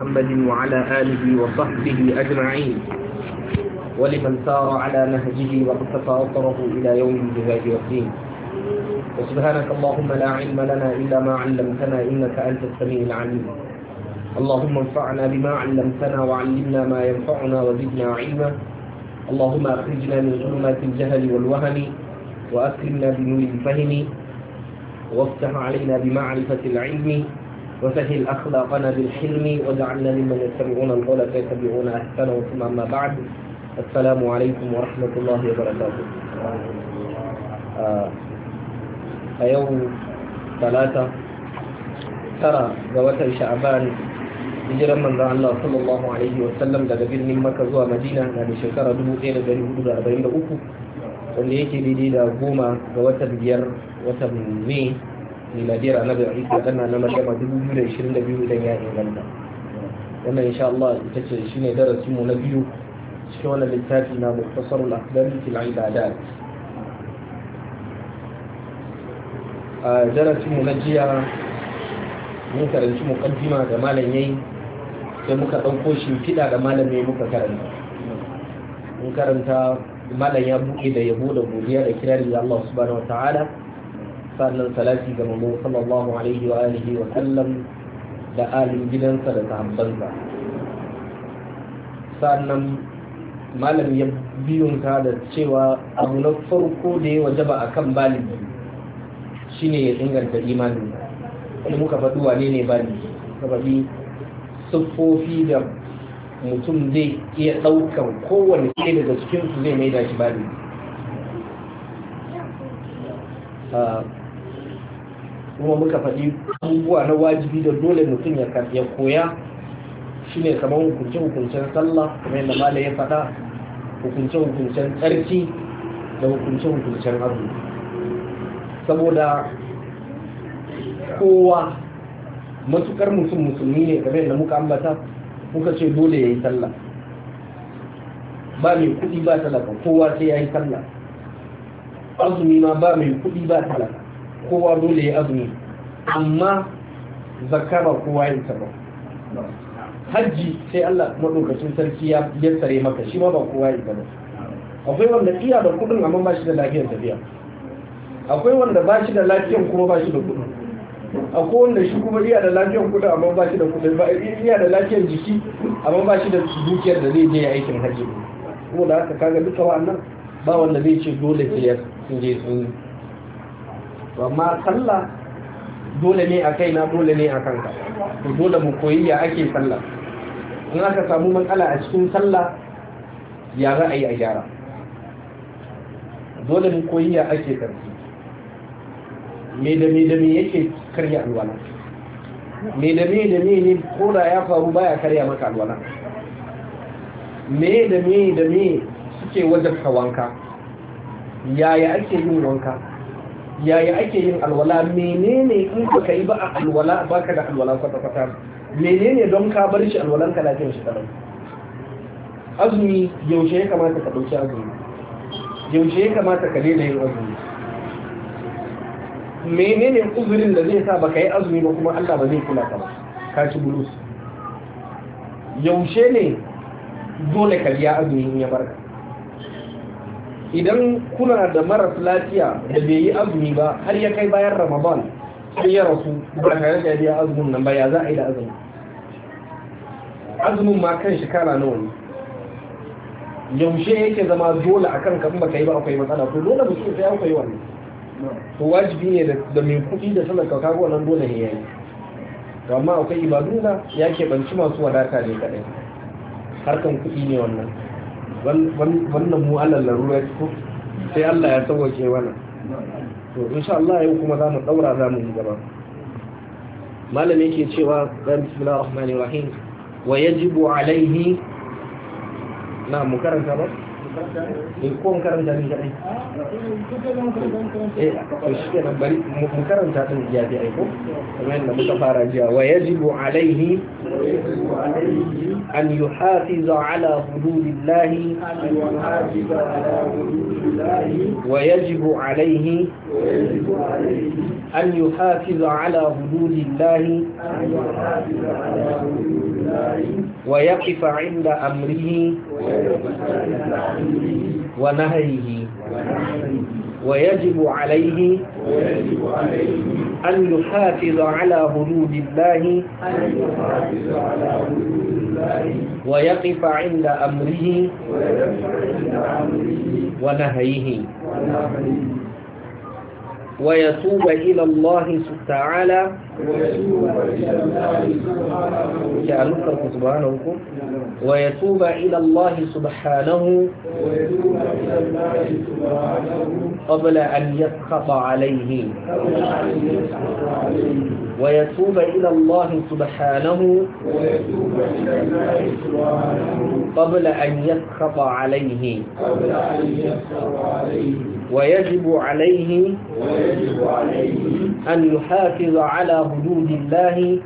محمد وعلى آله وصحبه أجمعين ولمن سار على نهجه واقتفى أطره إلى يوم الجزاء والدين وسبحانك اللهم لا علم لنا إلا ما علمتنا إنك أنت السميع العليم اللهم انفعنا بما علمتنا وعلمنا ما ينفعنا وزدنا علما اللهم أخرجنا من ظلمات الجهل والوهن وأكرمنا بنور الفهم وافتح علينا بمعرفة العلم وسهل أخلاقنا بالحلم واجعلنا ممن يتبعون القول فيتبعون أحسنه ثم أما بعد السلام عليكم ورحمة الله وبركاته أيوم ثلاثة ترى ذوات شعبان hijiran manzan Allah sallallahu alaihi wa sallam daga birnin Makka zuwa Madina na da shekara 1443 wanda yake daidai da goma ga watan biyar watan Mai miladiyar annabi isa tana na mashama 2022 idan ya inganta wannan insha Allah ita ce shine darasin mu na biyu cikin wannan littafi na muktasarul aqdam fil ibadat a darasin mu na jiya mun karanci muqaddima da malam yayi sai muka dauko shi fida da malam yayi muka karanta mun karanta malam ya buɗe da yabo da godiya da kirari ga Allah subhanahu wataala sannan salati ga mamu sallallahu alaihi wa alihi wa sallam da alin gidansa da sahabbansa sannan malam ya biyun ka da cewa abu na farko da ya wajaba a kan baligi shine ya inganta imanin da muka faɗi wane ne baligi sababi siffofi da mutum zai iya ɗaukar kowane ɗaya daga cikinsu zai mai da shi baligi ah, kuma muka faɗi abubuwa na wajibi da dole mutum ya koya shi ne kamar hukunce-hukuncen sallah kamar yadda malai ya faɗa hukunce-hukuncen tsarki da hukunce-hukuncen abu saboda kowa matukar mutum musulmi ne kamar yadda muka ambata muka ce dole ya yi sallah ba mai kuɗi ba talaka kowa sai ya yi sallah azumi ma ba mai kuɗi ba talaka kowa dole ya azumi amma zakka ba kowa yin ta ba hajji sai Allah madaukakin sarki ya tsare maka shi ma ba kowa yin ta ba akwai wanda iya da kudin amma ba shi da lafiyar tafiya akwai wanda ba shi da lafiyar kuma ba shi da kudin akwai wanda shi kuma iya da lafiyar kudin amma ba shi da kudin ba iya da lafiyar jiki amma ba shi da dukiyar da zai je ya aikin hajji kuma da haka kaga duka wa'annan ba wanda zai ce dole sai ya sun je sun amma sallah dole ne a kaina dole ne a kanka to dole mu koyi ya ake sallah in aka samu matsala a cikin sallah ya za a yi a gyara dole mu koyi ya ake karfi me da me da me yake karya alwala me da me da me ne ko da ya faru baya karya maka alwala me da me da me suke wajen wanka yaya ake yin wanka yaya ake yin alwala menene in ka yi ba a alwala ka da alwala kwata-kwata menene don ka bar shi alwalan ka lafiyar shi kadan azumi yaushe ya kamata ka dauki azumi yaushe ya kamata ka daina yin azumi menene uzurin da zai sa ka yi azumi ba kuma Allah ba zai kula ka ba ka ci bulus yaushe ne dole ka biya azumi in ya barka idan kuna da maras lafiya da bai yi azumi ba har ya kai bayan ramadan sai ya rasu ba tare da ya azumin nan ba ya za a yi da azumi azumin ma kan shi kana nawa ne yaushe yake zama dole akan kan baka yi ba akwai matsala ko dole ba su sai akwai wani to wajibi ne da mai kuɗi da talaka kago wannan dole ne yayi to amma akwai na ya keɓanci masu wadata ne kadai harkan kuɗi ne wannan wannan mu ala larura ko sai Allah ya sauke mana to insha Allah yau kuma zamu daura zamu yi gaba malami yake cewa bismillahir rahmanir rahim wa yajibu alaihi na mu karanta ba eh ko karanta ni kadai eh to shi ke nan bari mu karanta ya fi aiko kamar yadda muka fara jiya wa yajibu alaihi an yuhafiza ala hududillahi an yuhafiza ala hududillahi ويجب عليه أن يحافظ على حدود الله ويقف عند أمره ونهيه ويجب عليه أن يحافظ على حدود الله ويقف عند أمره ونهيه ويتوب إلى الله تعالى سبحانه ويتوب إلى الله سبحانه قبل أن يسخط عليه ويتوب إلى الله سبحانه قبل أن يسخط عليه ويجب عليه أن يحافظ على حدود الله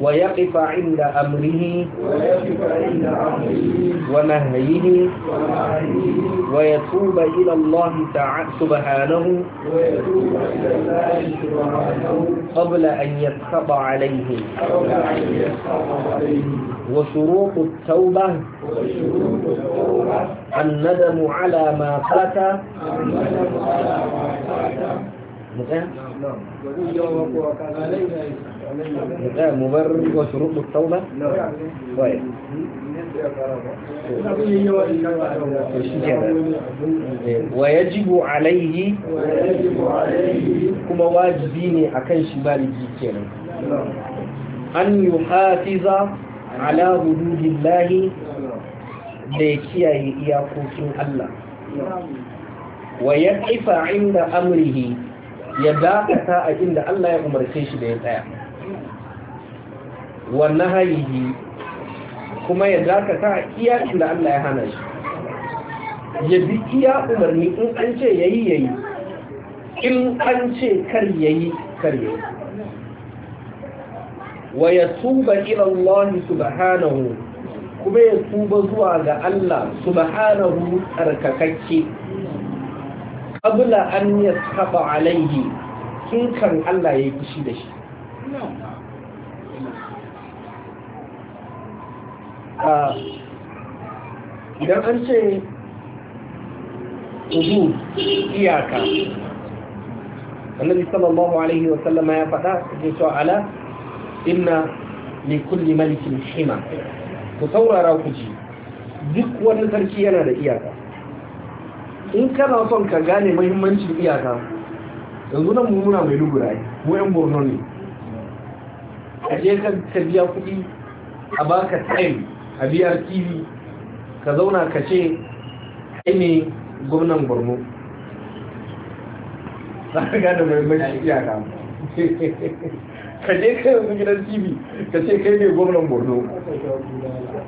ويقف عند أمره ونهيه ويتوب إلى الله تعالى سبحانه قبل أن يسخط عليه وشروط التوبة الندم على ما فات نعم مبرر وشروط التوبة طيب ويجب عليه كما واجبيني أكن شمال جيكينا أن يحافظ على حدود الله ليكيه إياكوكين الله ويقف عند أمره ya dakata a inda Allah ya umarce shi da ya tsaya wannan hayihi kuma ya dakata a iya inda Allah ya hana shi ya bi iya umarni in an ce yayi yayi in an ce kar yayi kar yayi wa yatuba ila Allah subhanahu kuma ya tuba zuwa ga Allah subhanahu tsarkakakke qabla an yasaba alaihi kin kan Allah yi fushi da shi ah, idan an ce ubu iyaka annabi sallallahu alaihi wa sallama ya faɗa ya ce ala inna li kulli malikin hima ku saurara ku ji duk wani sarki yana da iyaka in kana son ka gane mahimmancin iyaka yanzu nan mu muna mai lugura mu yan borno ne a je ka biya kuɗi a baka time a biya tv ka zauna ka ce kai ne gwamnan borno za ka gane mahimmancin iyaka ka je ka yanzu gidan tv ka ce kai ne gwamnan borno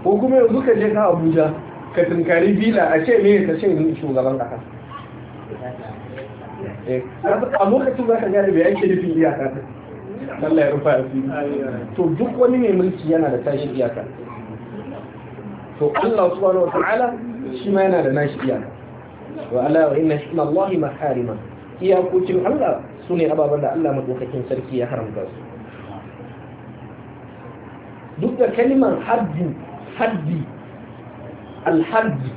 ko kuma yanzu ka je ka abuja ka tunkari bila a ce ne ka ce shugaban kasa eh, a lokacin za ka gane bai ake nufin iyaka ta ya rufa asiri to duk wani mai mulki yana da tashi iyaka to Allah wani wata ala shi ma yana da nashi iyaka wa ala wa inna isma ma maharima iyakokin Allah su ne ababen da Allah madaukakin sarki ya haramta su duk da kalimar haddi haddi alhaji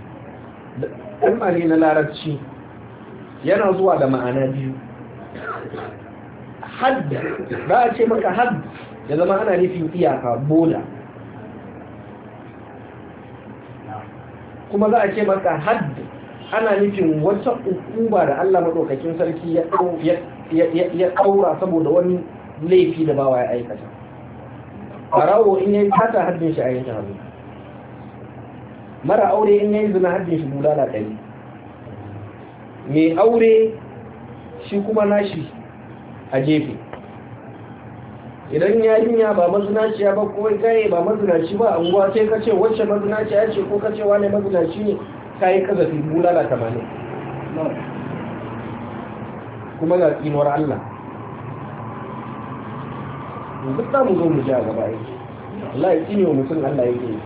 ɗan ne na larabci yana zuwa da ma'ana biyu hadd ba a ce maka hadda ya zama ana nufin iyaka boda kuma za a ce maka hadda ana nufin wata ukuba da Allah maɗaukakin sarki ya ɗaura saboda wani laifi da bawa ya aikata. rawo in ya yi kata haddin shi a yankin hannu. mara aure in yayin zina hajjin shi bulala ɗari mai aure shi kuma nashi a gefe idan yarinya ba ya ba kowai kai ba mazinaci ba anguwa sai ka ce wacce ya ce ko ka ce wane mazinaci ne ka yi kazafi bulala tamanin kuma ga tsinuwar Allah duk ta mu zo mu ji a gaba yake Allah ya tsinewa mutum Allah yake yi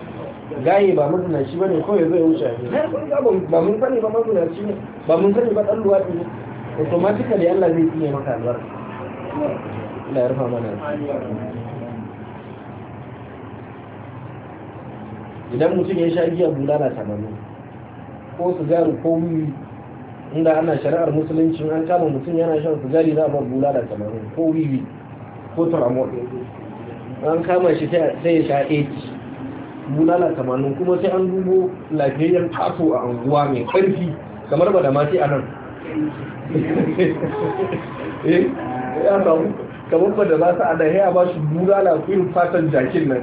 gaye ba mazinaci ba ne kawai zai wuce ne ba mun sani ba mazinaci ne ba mun sani ba ɗan luwaɗi ne automatika da Allah zai tsaye maka albar Allah ya rufa mana idan mutum ya sha giya na tamanin ko sigari ko wiwi inda ana shari'ar musulunci an kama mutum yana shan sigari za a ba na tamanin ko wiwi ko tramol an kama shi sai ya sha 80 bulala tamanin kuma sai an dubo lafiyayyen taso a anguwa mai ƙarfi kamar ba da mace a nan eh ya samu kamar ba da masu a nan ba su bulala irin fatan jakin nan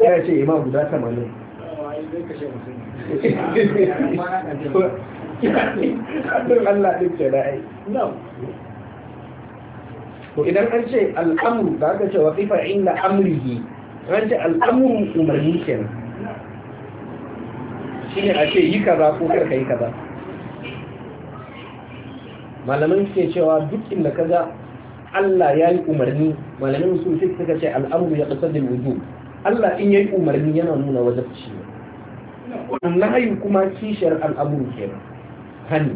ya ce ima guda tamanin Allah ɗin ke da ai idan an ce al'amru da aka ce wa kifa inda amri ranta al'amurin umarni kenan shi ne a ce yi kaza ko karka yi kaza malaman ke cewa duk inda ka ga Allah ya yi umarni malamin su suka ce al'amuru ya kasar da wudu Allah in ya yi umarni yana nuna wajabci ne nahayi kuma kishiyar al'amuru kenan hani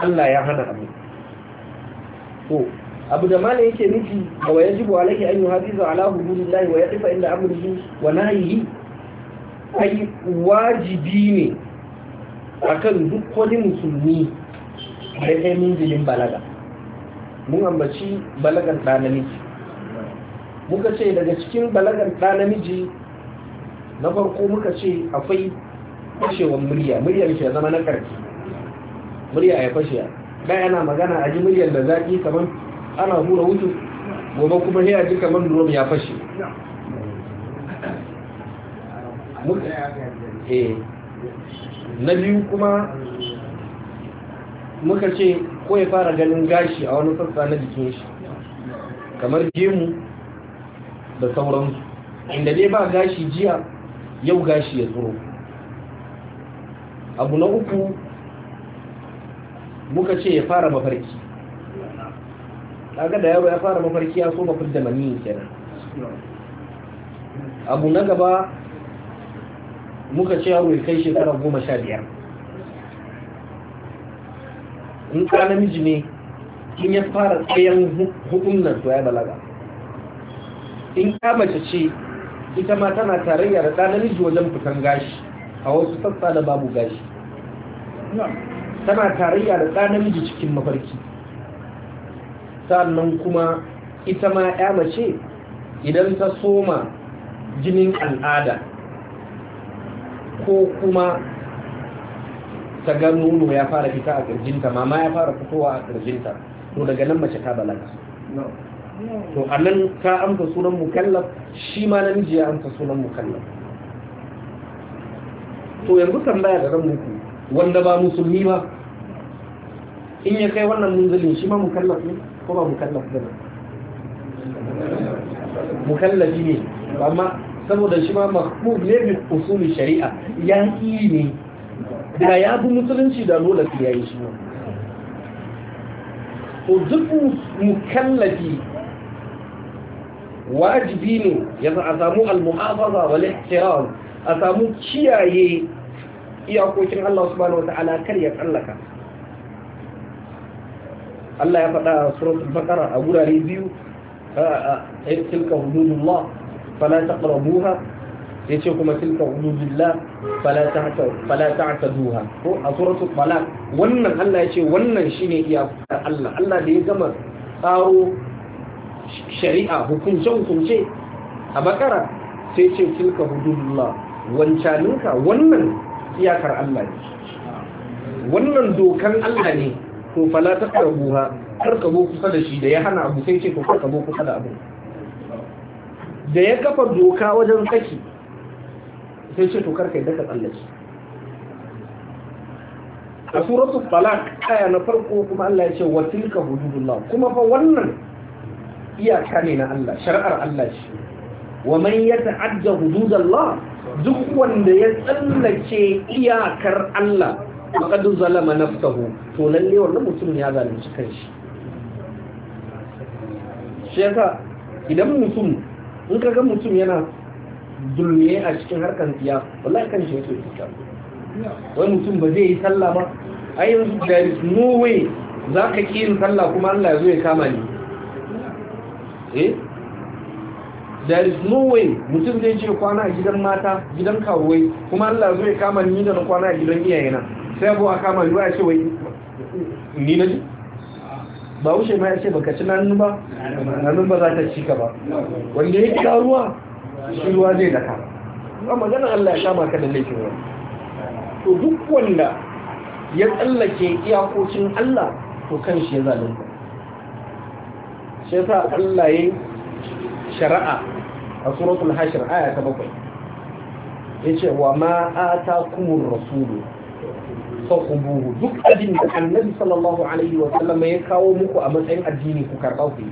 Allah ya hana abu abu da malin yake nufi da wa yajibu alayhi an yuhafiza ala hududillahi wa yaqifa inda amrihi wa nahyihi ai wajibi ne akan duk wani musulmi da kai minzilin balaga mun ambaci balagan ɗa namiji muka ce daga cikin balagan ɗa namiji na farko muka ce akwai fashewar murya muryar ke zama na ƙarfi murya ya fashe ɗaya yana magana a ji muryar da zaƙi kamar ana hura wutu gobe kuma ya ji man drum ya fashe eh, na biyu kuma muka ce ko ya fara ganin gashi a wani sassa na jikin shi kamar gemu da sauransu inda dai ba gashi jiya yau gashi ya tsoro abu na uku muka ce ya fara mafarki kaga da yaro ya fara mafarki ya so mafar da maniyi kenan abu na gaba muka ce yaro ya kai shekara goma sha biyar in ka miji ne in ya fara tsayen hukun to ya balaga in ka mace ce ita ma tana tarayya da ɗan miji wajen fitan gashi a wasu sassa da babu gashi tana tarayya da ɗan miji cikin mafarki sannan kuma ita ma ya mace idan ta soma jinin al'ada ko kuma ta ga nuno ya fara fita a ƙirjinta mama ya fara fitowa a ƙirjinta to daga nan mace ta balaga to a nan ta amsa sunan mukallaf shi ma namiji ya amsa sunan mukallaf to yanzu tambaya da ran muku wanda ba musulmi ba in ya kai wannan munzalin shi ma mukallaf ne ko ba mukallaf ba mukallafi ne amma saboda shi ma ne bi usulin shari'a ya ne da ya bi musulunci da lola ya yi shi ko duk mukallafi wajibi ne ya a samu al-muhafaza wal ihtiram a samu kiyaye iyakokin Allah subhanahu wa ta'ala kar ya tsallaka Allah ya faɗa a suratul baqara a gurare biyu ay tilka hududullah fala taqrabuha yace kuma tilka hududullah fala ta'ta fala ta'taduha ko a suratul talaq wannan Allah yace wannan shine iyakar Allah Allah da ya gama tsaro shari'a hukunce hukunce a bakara sai ce tilka hududullah wancaninka wannan iyakar Allah ne wannan dokan Allah ne to fala ta karbuha kar ka zo kusa da shi da ya hana abu sai ce to karka ka zo kusa da abu da ya kafa doka wajen saki sai ce to kar ka yadda ka tsallake a suratu talaq aya na farko kuma Allah ya ce wa tilka hududullah kuma fa wannan iyaka ne na Allah shari'ar Allah ce wa man yata'adda hududallah duk wanda ya tsallake iyakar Allah faqad zalama nafsahu to lalle wannan mutum ya zalunci kanshi shi yasa idan mutum in ka ga mutum yana dulmiye a cikin harkar tsiya wallahi shi yake cuta wani mutum ba zai yi sallah ba a yanzu da is no way za ka ƙi yin sallah kuma Allah ya zo ya kama ni eh there is no way mutum zai ce kwana a gidan mata gidan karuwai kuma Allah ya zo ya kama ni da na kwana a gidan iyayena sai abu a kama ruwa ya ce wai ni na ji ba wuce ma ya ce baka ci nanu ba nanu ba za ta ci ka ba wanda ya kira ruwa shi ruwa zai daka ba magana Allah ya sha maka da laifin ruwa to duk wanda ya tsallake iyakocin Allah to kan shi ya zalunta shi yasa Allah ya shari'a a suratul hashir aya ta bakwai Ya ce wa ma atakumur rasulu fakubuhu duk abin da annabi sallallahu alaihi wa sallam ya kawo muku a matsayin addini ku karɓa ku yi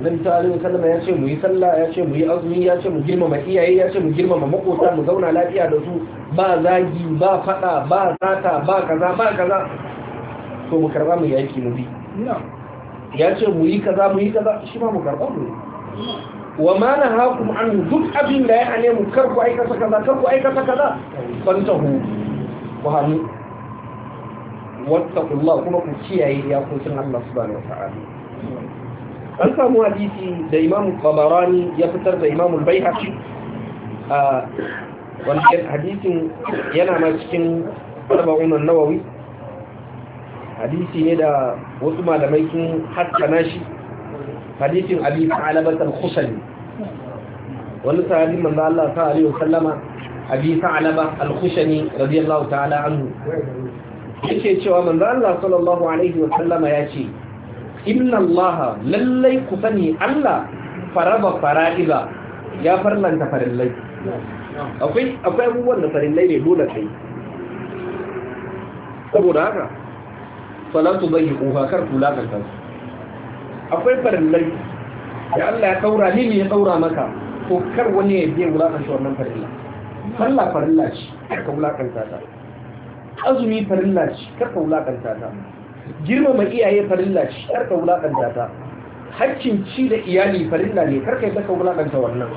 annabi sallallahu alaihi wa ya ce mu yi sallah ya ce mu yi azumi ya ce mu girmama iyaye ya ce mu girmama makota mu zauna lafiya da su ba zagi ba fada ba zata ba kaza ba kaza to mu karɓa mu yaki mu bi ya ce mu yi kaza mu yi kaza shi ma mu karɓa mu wa ma na hakum an duk abin da ya hane mu ku aikata kaza kar ku aikata kaza fantahu hannu wattaqullahu kuma ku kiyaye iyakokin Allah subhanahu wata'ala an samu hadisi da Imam Tabarani ya fitar da Imam Al-Baihaqi a wannan hadisin yana ma cikin arba'un an-nawawi hadisi ne da wasu malamai sun haskana shi hadisin Abi Alabat al-Khusali wani sahabi manzo Allah sallallahu alaihi wasallama abi sa'alaba al-khushani radiyallahu ta'ala anhu yake cewa manzo Allah sallallahu alaihi wa sallama yace inna Allah lallai ku sani Allah faraba fara'ida ya farlanta farillai akwai akwai abubuwan da farillai ne dole kai saboda haka salatu bayyi uha kar ku lakanta akwai farillai Ya Allah ya daura ni ne ya daura maka ko kar wani ya biye wulakanta wannan farilla sallah farilla ce karka wulakanta ta azumi farilla ce karka wulakanta ta girmama iyaye farilla ce karka wulakanta ta haccin ci da iyali farilla ne karka yi saka wulakanta wannan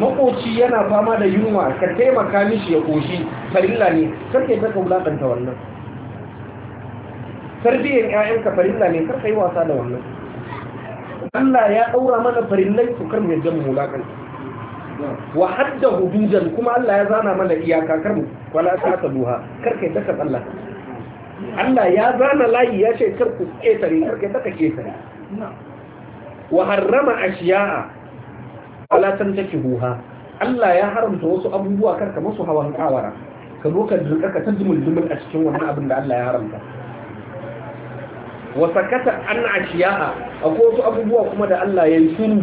makoci yana fama da yunwa ka taimaka mishi ya koshi farilla ne karka yi saka wulakanta wannan sarbiyan ƴaƴanka farilla ne karka yi wasa da wannan Allah ya ɗaura mana farillai su kar mu jan mu wulakanta wa hadda hududan kuma Allah ya zana mana iyaka kar mu wala ta duha kar kai daka Allah Allah ya zana layi ya ce kar ku ketare kar kai daka ketare wa harrama ashiya'a wala tantakihuha Allah ya haramta wasu abubuwa kar ka musu hawan kawara ka zo ka dirka ka tajmul dumul a cikin wannan abin da Allah ya haramta wa sakata an ashiya'a akwai wasu abubuwa kuma da Allah ya yi shiru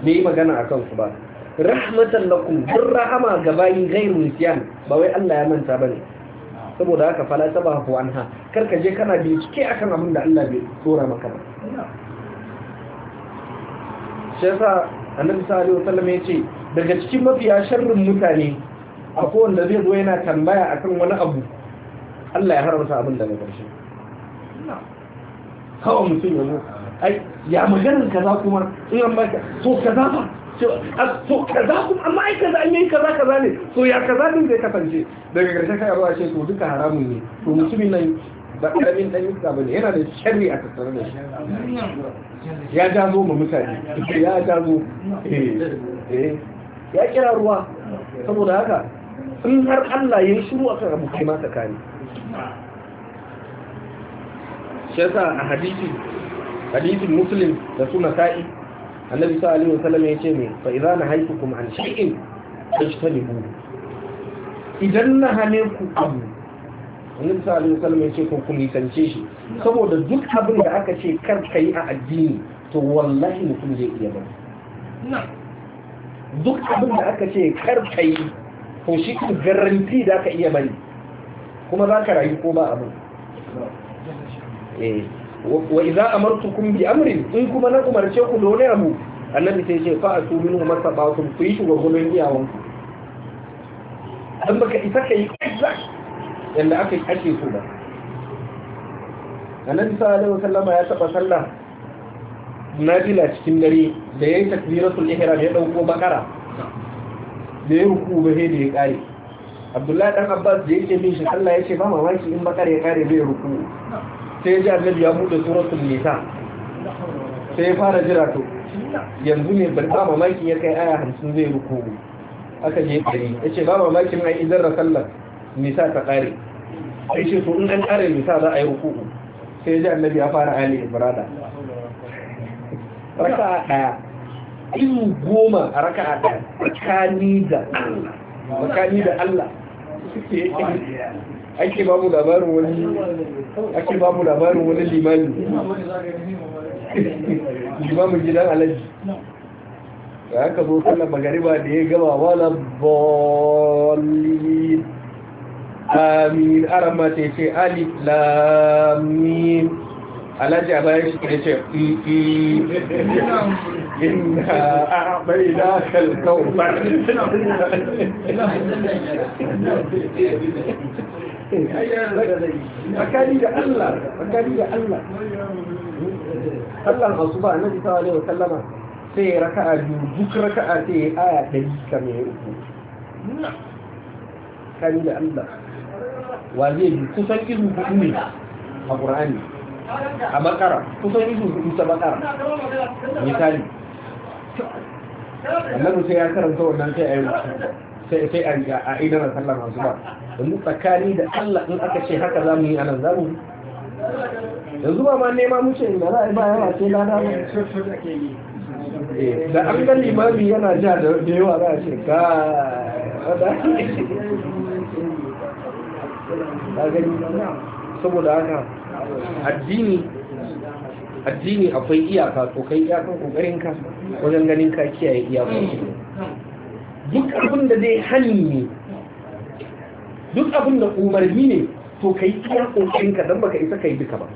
bai yi magana akan su ba rahmatan lakum bin rahama ga bayi ghairu nisyan ba wai Allah ya manta bane saboda haka fala sabahu anha karka je kana bincike akan abin da Allah bai tsora maka ba shi yasa annabi sallallahu alaihi wasallam yace daga cikin mafiya sharrin mutane akwai wanda zai zo yana tambaya akan wani abu Allah ya haramta abin da na karshe kawai mutum yanzu ai ya maganin kaza kuma in an baka to kaza ba to kaza kuma amma ai kaza an yi kaza kaza ne so ya kaza din zai kasance daga ƙarshe kai ruwa ce to duka haramun ne to mutumin nan ba ƙaramin ɗan iska bane yana da sharri a tattare da shi ya jazo ma mutane ya jazo eh, eh. ya kira ruwa saboda haka in har Allah ya shiru a kan abu kai ma tsakani shi yasa a hadisi hadisin muslim da suna sa'i annabi sallallahu alaihi wasallam ya ce me fa idza nahaytukum an shay'in fajtanibu idan nahane ku abu annabi sallallahu alaihi wasallam ya ce ko ku nisance shi saboda duk abin da aka ce kar ka yi a addini to wallahi mutum zai iya bari duk abin da aka ce kar ka yi to shi ku garanti da ka iya bari kuma za ka rayu ko ba abu? eh wa idza amartukum bi amrin in kuma na umarce ku da wani abu annabi sai ce fa asu minhu masabatu ku yi shugabannin iyawan ku dan baka isa kai kaza yanda aka yi ake so ba annabi sallallahu alaihi wasallam ya taba sallah nafila cikin dare da yayin takbiratul ihram ya dauko bakara da ya ruku ba sai da ya kare abdullahi dan abbas da yake bin shi Allah ya ce ba mamaki in bakara ya kare bai ruku sai ya ji annabi ya bude suratul nisa sai ya fara jira to yanzu ne bar ba mamaki ya kai aya hamsin zai ruku aka je ɗari ya ce ba mamakin ai idan rasallar nisa ta ƙare sai yi to in an ƙare nisa za a yi ruku sai ya ji annabi ya fara ali ibrada a ɗaya izu goma a raka'a ɗaya tsakani da Allah tsakani da Allah suke ake ba mu labarin wani ake ba mu labarin wani limani limamin gidan alaji da aka zo sallar magariba da ya gaba wala bolin amin arama ta ce alif lamin alaji a bayan shi ne ce ƙiƙi inda a tsakani da Allah tsakani da Allah Allah masu ba annabi sallallahu alaihi wasallama sai raka'a biyu duk raka'a sai aya ɗari kamar ya uku tsakani da Allah wa zai bi kusan izu hudu ne a Qur'ani a makara kusan izu hudu ta makara misali annabi sai ya karanta wannan sai ayi rubutu sai a idan sallar masu ba yanzu tsakani da Allah in aka ce haka za mu yi anan za mu yanzu ba ma nema muke da za a yi ba ce lada ba eh, da an ga limami yana ja da yawa za a ce ka saboda haka addini addini akwai iyaka to kai iyakan kokarin ka wajen ganin ka kiyaye iyakokin duk abin da zai hani ne duk abin da umarni ne to kai iya kokarin ka dan baka isa kai duka ba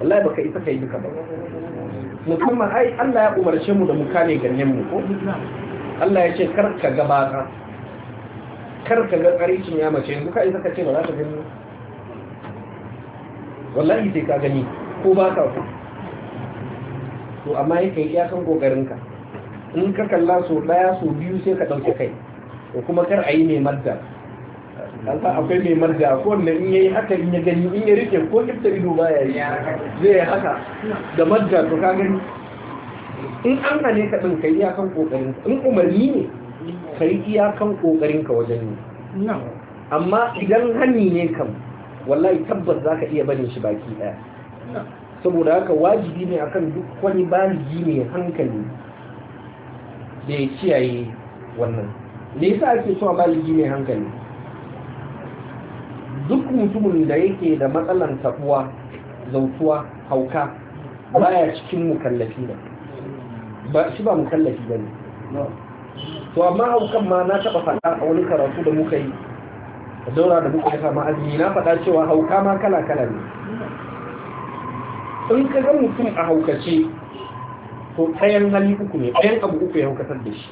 wallahi baka isa kai duka ba musamman ai Allah ya umarce mu da mu kame ganyen mu ko Allah ya ce kar ka baka kar ka ga karicin ya mace yanzu ka isa ka ce ba za ka gani wallahi sai ka gani ko ba ka to amma yake iyakan kokarin ka in ka kalla so daya so biyu sai ka dauke kai ko kuma kar a yi mai marja dan sa akwai mai marja ko ne in yayi haka in ya gani in ya rike ko ifta ido ba ya yi zai haka da marja to ka gani in an hane ka din kai iyakan kokarin in umarni ne kai iyakan kokarin ka wajen ne amma idan hanni ne kam wallahi tabbas zaka iya barin shi baki daya saboda haka wajibi ne akan duk wani baligi mai hankali da ya kiyaye wannan me yasa ake cewa baligi mai hankali duk mutumin da yake da matsalan tabuwa zautuwa hauka baya cikin mukallafi ne ba shi ba mukallafi ne. to amma haukan ma na taba faɗa a wani karatu da muka yi a daura da muka yi kama azumi na faɗa cewa hauka ma kala kala ne in ka ga mutum a haukace to tsayan hali uku ne ɗayan abu uku ya hukatar da shi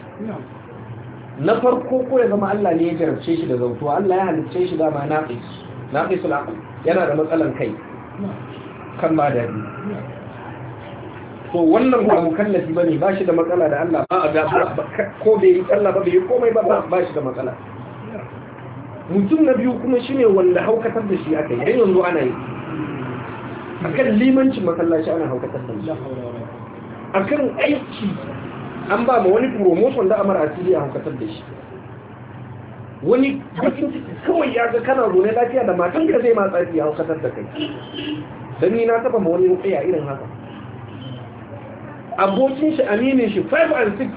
na farko ko ya zama Allah ne ya jarabce shi da zautu Allah ya halicce shi dama na naqisul aql yana da matsalan kai kan ba da to wannan ba mu kallafi ba ne ba shi da matsala da Allah ba a ga ko bai yi Allah ba bai yi komai ba ba shi da matsala mutum na biyu kuma ne wanda haukatar da shi aka yi yanzu ana yi akan limancin masallaci ana haukatar da shi A kan aiki an ba ma wani promotion da amara asiri a hankatar da shi wani bakin ciki kawai ya ga kana zaune lafiya da matan ka zai matsa ya hankatar da kai don ni na taba ma wani rukaya irin haka abokin shi aminin shi 5 and 6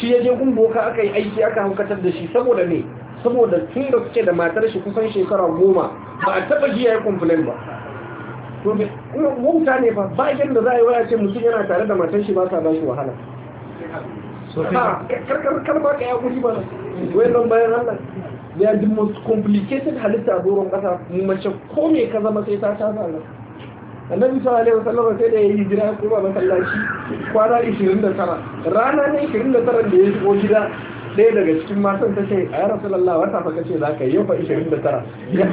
shi ya je gumboka aka yi aiki aka hankatar da shi saboda ne saboda tun da suke da matar shi kusan shekara goma ba a taba jiya ya complain ba to wauta ne ba ba yadda za a yi waya ce mutum yana tare da matan shi ba sa ah, ba shi wahala karkar ba ka ya guji Wai wayannan bayan Allah they are the most complicated halitta a doron ƙasa mace ko me ka zama sai ta ta zala annabi sallallahu alaihi wasallam sai da yayi hijira ko ba masallaci kwana 29 rana ne 29 da ya shigo gida sai daga cikin matan ta ce a yara sallallahu wata faka ce za ka yi. yau fa 29 da tara. yau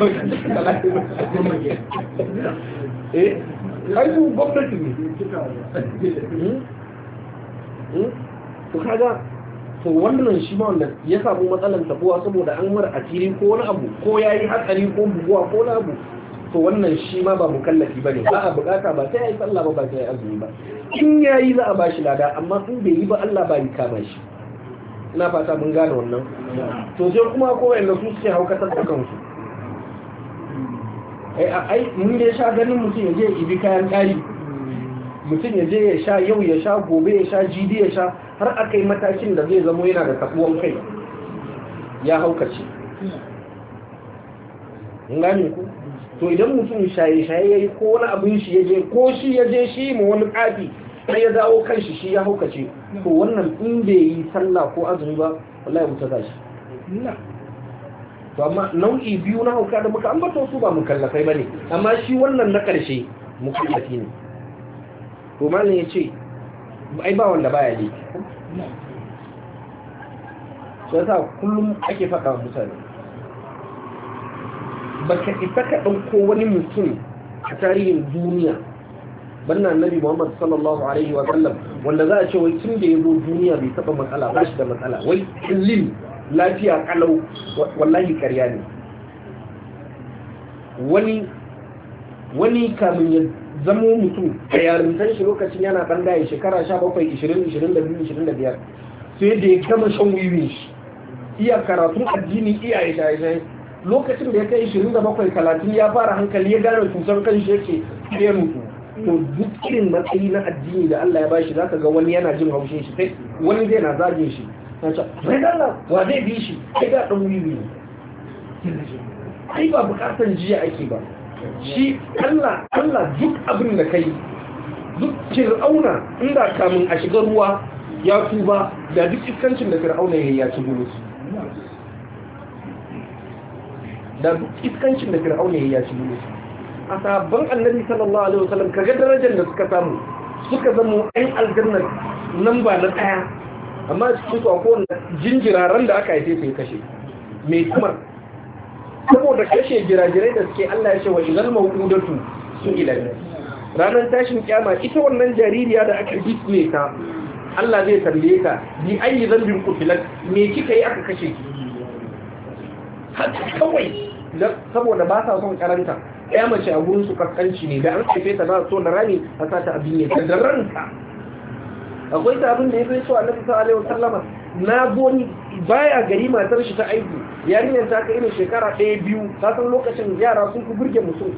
eh, gwamnati ne hmm? Hmm? to kaga to wannan shi ma wanda ya samu matsalan tabuwa saboda an mara asiri ko wani abu ko yi hatsari ko buguwa ko wani abu to wannan shi ma ba mukallafi bane ba a bukata ba sai yi sallah ba ba sai yi azumi ba in yayi za a bashi lada amma in bai yi ba Allah ba yi kama shi ina fata mun gane wannan to sai kuma kowai da su suke hau kasar da kansu eh, ai mun da ya sha ganin mutum ya je ya ibi kayan tsari mutum ya je ya sha yau ya sha gobe ya sha jidi ya sha har akai yi matakin da zai zamo yana da kasuwan kai ya haukace gani ku to idan mutum shaye-shaye ya yi ko wani abin shi ya je ko shi ya je shi ma wani kafi sai ya dawo kanshi shi ya haukace to wannan in bai yi sallah ko azumi ba wallahi mutu za shi to amma nau'i biyu na hauka da muka ambata su ba mukallafai bane amma shi wannan na karshe mukallafi ne to malam yace ai ba wanda baya ne Ya yasa kullum ake faɗa mutane baka isa ka ko wani mutum a tarihin duniya banna nabi Muhammad sallallahu alaihi wa sallam wanda za a ce wai tun da ya zo duniya bai taba matsala ba shi da matsala wai illin lafiya kalau wallahi karya ne wani wani kamun ya zamo mutum a yarintar shi lokacin yana ɓangaye shekara 17 20 22 sai da ya gama shan wiwin shi iya karatun addini iya ya shaye-shaye lokacin da ya kai 27 30 ya fara hankali ya gane cutar kan shi yake ɗaya mutu to duk irin matsayi na addini da Allah ya bashi zaka ga wani yana jin haushin shi sai wani zai na zagin shi na sai dalla wa zai bi shi sai ga dan wiwi ne ai ba bukatan jiya ake ba shi Allah Allah duk abin da kai duk fir'auna inda kamun a shiga ruwa ya tuba da duk iskancin da fir'auna yayi ya ci bulus da duk iskancin da fir'auna ya ya ci bulus a sabon annabi sallallahu alaihi wasallam kaga darajar da suka samu suka zama ɗan aljannar nan ba na ɗaya amma cikin su ko kowane jinjiraran da aka haife sun kashe mai kuma saboda kashe jirajirai da suke Allah ya ce wa ilal mawudatu su ilal ranar tashin kiyama ita wannan jaririya da aka bisne ka Allah zai tambaye ka bi ayi zambin kufilat me kika yi aka kashe ki haka kawai saboda ba sa son karanta ya mace a gurin su kaskanci ne da an haife ta na so na rami a sa ta abin ya. da ranka akwai ta abin da ya zai so nasu sallallahu wa sallama na goni baya gari matar shi ta aiki yarinyar ta ka ina shekara ɗaya biyu ta san lokacin yara sun ku burge mutum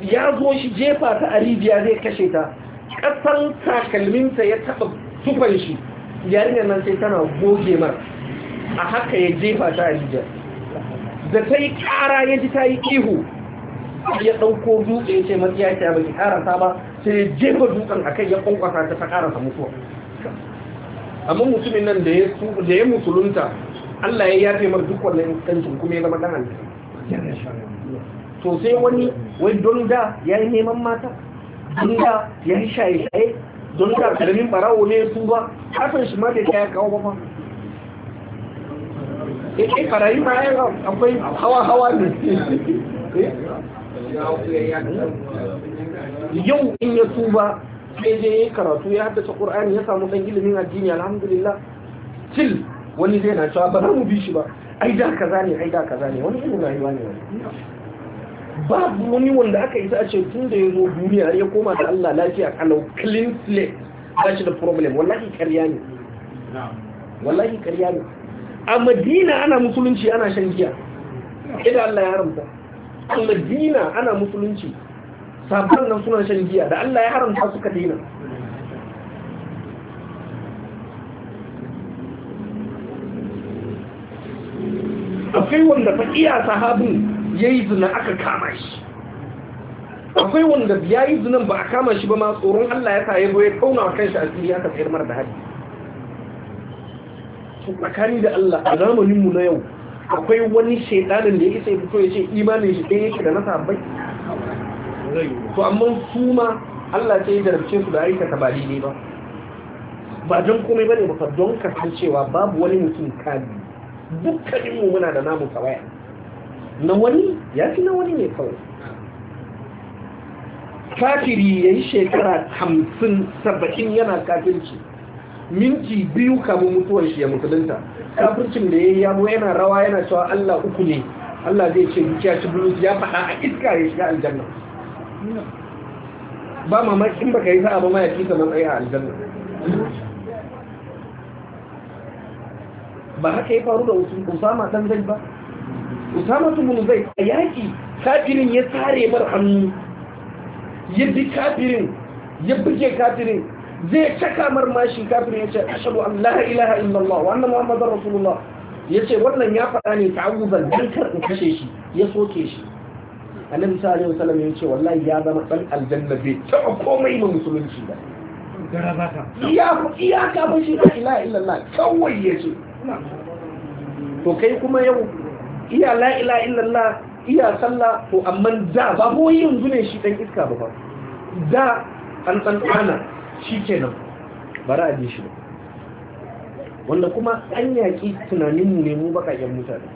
ya zo shi jefa ta a rijiya zai kashe ta ƙasan takalminta ya taɓa tufan shi yarinyar nan sai tana goge mar a haka ya jefa ta a rijiya da ta yi ƙara ya ji ta yi ihu ya ɗauko dutse ya ce matsiya ta baki karasa ba sai ya jefa dutsen a kai ya kwankwasa ta ta karasa mutuwa amma mutumin nan da ya musulunta Allah ya yafe mar duk wannan iskancin kuma ya zama ɗan aljanna to sai wani wai don da ya yi neman mata don da ya yi shaye-shaye don da karamin barawo ne ya ba kafin shi ma da ya kawo ba ba e eh, ƙarayi eh, ma ya akwai hawa-hawa ne eh, yau in ya tuba sai je yi karatu ya haddasa ƙur'ani ya samu ɗan ilimin addini alhamdulillah til wani zai na cewa ba za mu bi shi ba ai da kaza ne ai da kaza ne wani ilimin rayuwa ne wani babu wani wanda aka yi a tun da ya zo duniya ya koma da Allah lafiya kalau clean slate ba shi da problem wallahi karya ne wallahi karya ne a madina ana musulunci ana shan giya idan Allah ya haramta dina ana musulunci sabon nan suna shan giya da Allah ya haramta suka dina akwai wanda fa iya sahabin yayi zina aka kama shi akwai wanda ya yi zinan ba a kama shi ba ma tsoron Allah ya sa ya goye kauna wa kanshi tsiri aka tsayar mara da hadi tsakani da Allah a zamaninmu na yau akwai wani shaidanin da ya isa ya fito ya ce imanin shi ɗaya shi da na sabai to amma su ma Allah ce ya jarabce su da aikata ba daidai ba ba don komai bane ba don cewa babu wani mutum kali dukkanin mu muna da namu kawai na wani ya fi na wani ne kawai kafiri ya yi shekara hamsin saba'in yana kafirci minti biyu kamun mutuwar shi ya musulunta kafircin da ya yi yamo yana rawa yana cewa Allah uku ne Allah zai ce dukiya ci bulus ya faɗa a iska ya shiga aljanna ba mamakin baka yi sa'a ba ma ya kisa matsayi a aljanna ba haka ya faru da Usama dan zai ba Usama bin zai. a yaki kafirin ya tare mar hannu ya bi kafirin ya buge kafirin zai caka marmashi kafin ya ce ashadu an la ilaha illallah wannan muhammadar rasulullah ya ce wannan ya faɗa ne ta'awuzan dan kar in kashe shi ya soke shi annabi sallallahu alaihi wasallam ya ce wallahi ya zama dan aljanna bai taɓa komai ma musulunci ba iya ka ba shi la ilaha illallah kawai ya ce to kai kuma yau iya la ilaha illallah iya sallah to amma da ba ko yanzu ne shi dan iska ba ba da an tsantsana shi kenan bari a ji shi wanda kuma an yaƙi tunaninmu ne mu baƙaƙen mutane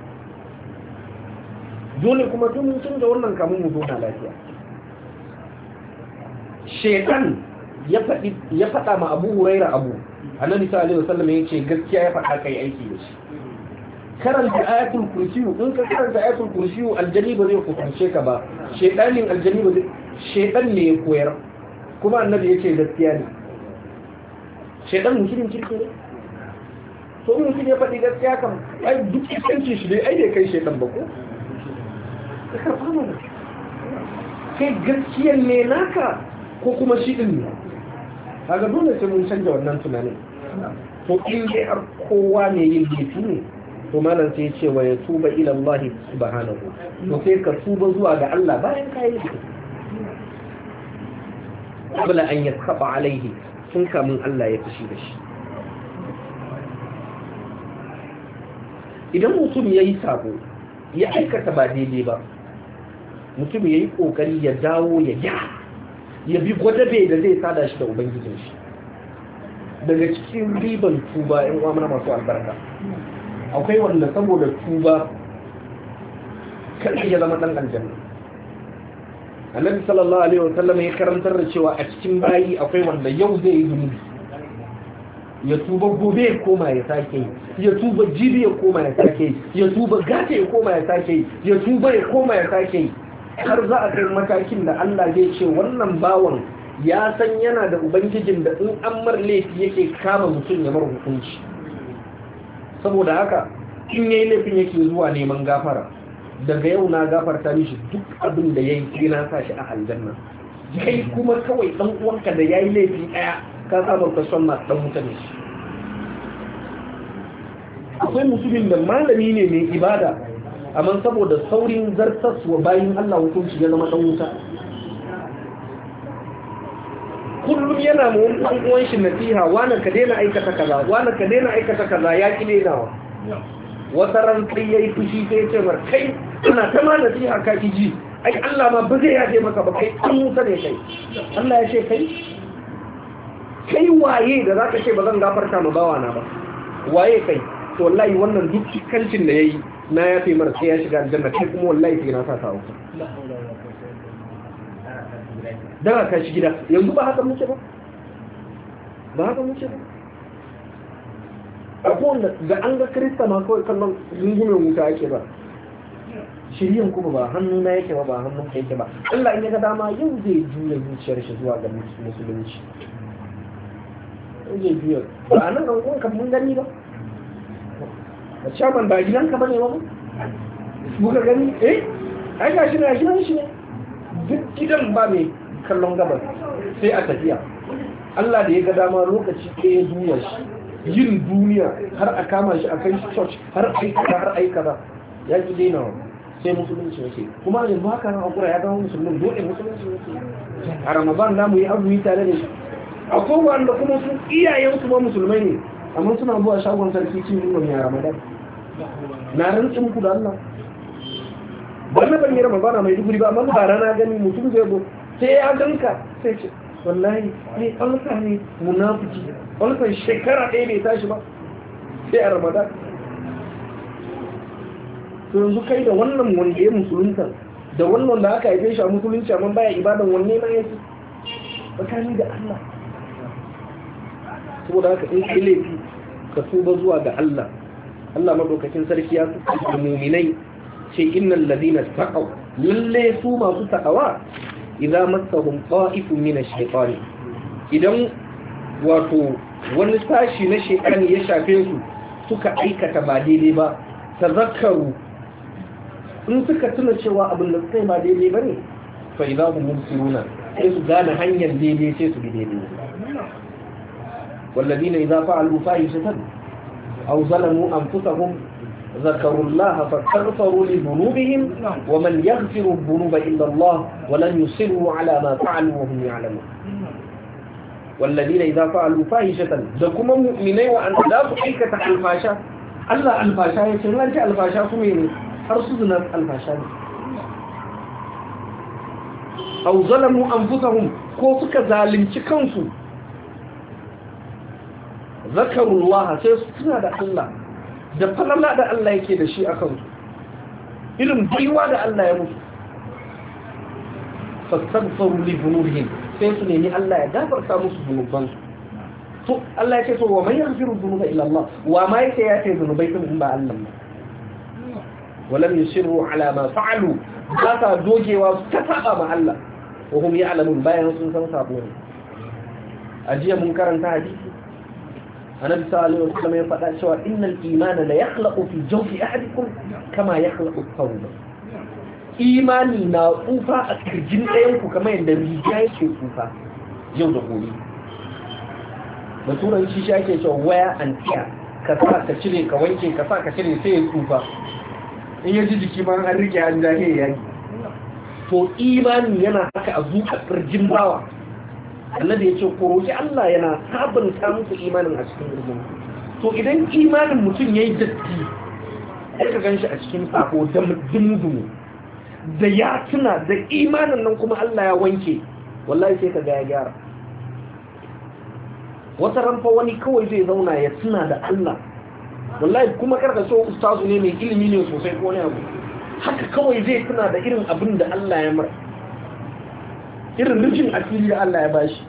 dole kuma tun mutum da wannan kamun mu na lafiya shekan ya faɗa ma abu huraira abu annabi isa alaihi wasallam ya ce gaskiya ya faɗa kai aiki da shi karanta ayatul kursi in ka karanta ayatul kursi aljani ba zai kusance ka ba shekanin aljani ba zai shekan ne ya koyar kuma annabi yake gaskiya ne shaidan musulun kirki ne so in mutum ya faɗi gaskiya kan ai duk kanci shi dai ai da kai shi ba ko ka karfa mana kai gaskiyan ne naka ko kuma shi din ne kaga dole sai mun canja wannan tunanin to in dai har kowa ne yin laifi ne to malam sai ya ce wa ya tuba ila Allah subhanahu to sai ka tuba zuwa ga Allah bayan kai laifi qabla an alaihi sun Allah ya fushi da shi idan mutum yayi sabo ya aikata ba daidai ba mutum yayi kokari ya dawo ya gyara ya bi gwadabe da zai sada shi da ubangijin shi daga cikin riban tuba yan uwa masu albarka akwai wanda saboda tuba kan iya zama ɗan aljanna annabi sallallahu alaihi wasallam ya karantar da cewa a cikin bayi akwai wanda yau zai yi zunubi ya tuba gobe ya koma ya sake ya tuba jibi ya koma ya sake ya tuba gata ya koma ya sake ya tuba ya koma ya sake har za a kai matakin da Allah zai ce wannan bawan ya san yana da ubangijin da in an mar laifi yake kama mutum ya mar hukunci saboda haka in yayi laifin yake zuwa neman gafara daga yau na gafarta mishi duk abin da yayi sai na sa shi a aljanna kai kuma kawai dan uwanka da yayi laifi daya ka samu ka son ma dan mutane shi akwai musulmin da malami ne mai ibada amma saboda saurin zartaswa bayan Allah hukunci ya zama dan wuta kullum yana mu wani uwan nasiha wani ka daina aikata kaza wani ka daina aikata kaza ya ki dainawa wata ran ya yi fushi sai ce mar kai suna ta ma da jiha ka ji ai Allah ma ba zai ce maka ba kai an musa ne kai Allah ya ce kai kai waye da za ka ce ba zan gafarta ma bawa na ba waye kai to wallahi wannan duk kancin da yayi na ya fi mara sai ya shiga aljanna kai kuma wallahi sai na sa sa wuta ka shi gida yanzu ba haka muke ba ba haka muke ba akwai da an ga krista ma kawai kallon rungumen wuta ake ba shiriyan kuma ba hannu na yake ba ba hannun ka yake ba Allah in ya ga dama yau zai juya zuciyar shi zuwa ga musulunci zai juya ba a nan rangon ka mun gani ba a ban ba gidan ka bane ba muka gani eh ai ga shi na gidan shi ne duk gidan ba mai kallon gabas sai a tafiya Allah da ya ga dama lokaci ɗaya juya shi yin duniya har a kama shi a kai shi church har aikata har aikata ya ji daina wa sai musulunci yake kuma yanzu haka nan hakura ya zama musulun dole musulunci yake a ramadan za mu yi azumi tare da shi a kowanne kuma iyayen su iyayensu ba musulmai ne amma suna zuwa shagon sarki cin yi ya ramadan na rantsi muku da allah wannan ban yi ramadan mai duguri ba amma ba rana gani mutum zai zo sai ya ganka sai ce wallahi ne alka ne munafiki wani shekara ɗaya bai tashi ba sai a ramadan to yanzu kai da wannan wanda ya musulunta da wannan da aka haife shi a musulunci amma baya ibadan wanne ma yake tsakani da Allah saboda haka in kai laifi ka tuba zuwa ga Allah Allah madaukakin sarki ya su da mu'minai ce innal ladina taqaw lalle su masu taqawa idan massahum qa'ifun min ash idan wato wani sashi na shekani ya shafe su suka aikata ba daidai ba ta zakaru in suka tuna cewa abin da suka yi ba daidai ba ne fai za mun mumsiruna sai su gane hanyar daidai sai su bi daidai wallazi ne za fa'alu fa'ishatan aw zalamu anfusahum ذكروا الله فاستغفروا لذنوبهم ومن يغفر الذنوب إلا الله ولن يصروا على ما فعلوا وهم يعلمون walladina idza fa'alu fahishatan da kuma mu'minai wa an su aikata alfasha Allah alfasha yace ran ta alfasha kuma ne har su zina alfasha ne aw zalamu anfusahum ko suka zalunci kansu zakarullaha sai su da Allah da falala da Allah yake da shi akan su irin biwa da Allah ya musu fastaghfiru li dhunubihim sai su nemi Allah ya gafarta musu zunuban su Allah ya ce so wa man yaghfiru dhunuba illa Allah wa ma yake ya ce zunubai din ba Allah wa lam yusirru ala ma fa'alu ba sa dogewa su ta saba ma Allah wa hum ya'lamun bayan sun san sabo ne ajiya mun karanta hadisi annabi sallallahu alaihi wasallam ya faɗa cewa innal imana la yakhlaqu fi jawfi ahadikum kama yakhlaqu thawba imani na tsufa a kirjin ɗayanku kamar yadda riga yake tsufa yau da gobe da turan shi shi ake cewa waya an tear ka sa ka cire ka wanke ka sa ka cire sai ya tsufa in ya ji jiki ma an rike an jahe ya yi to imani yana haka a zuka ƙirjin bawa Allah da ya ce ko roƙi Allah yana sabunta musu imanin a cikin kirjin to idan imanin mutum ya yi datti ya ka gan shi a cikin sako dumu-dumu da ya tuna da imanin nan kuma Allah ya wanke wallahi sai ka ga ya gyara wata ranfa wani kawai zai zauna ya tuna da Allah wallahi kuma karka so ustazu ne mai ilimi ne sosai ko ne abu haka kawai zai tuna da irin abin da Allah ya mara irin rikin asiri da Allah ya bashi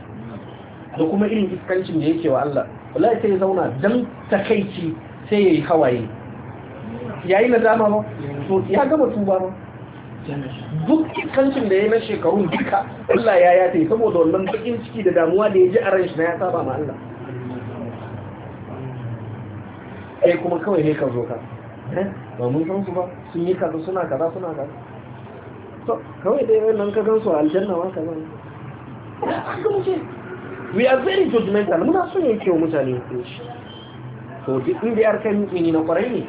da kuma irin iskancin da yake wa Allah wallahi sai ya zauna dan takaici sai ya yi hawaye yayi nadama ba to ya gama tuba ba duk kancin da ya yi na shekarun duka Allah ya yafe saboda wannan bakin ciki da damuwa da ya ji a ranshi na ya saba ma Allah ai kuma kawai ne ka zo ka eh? ba mun san su ba sun yi kaza suna kaza suna kaza to kawai dai wannan ka gan su a aljanna ma kaza we are very judgmental muna son yanke wa mutane hukunci to duk inda yar kan yi na kwarai ne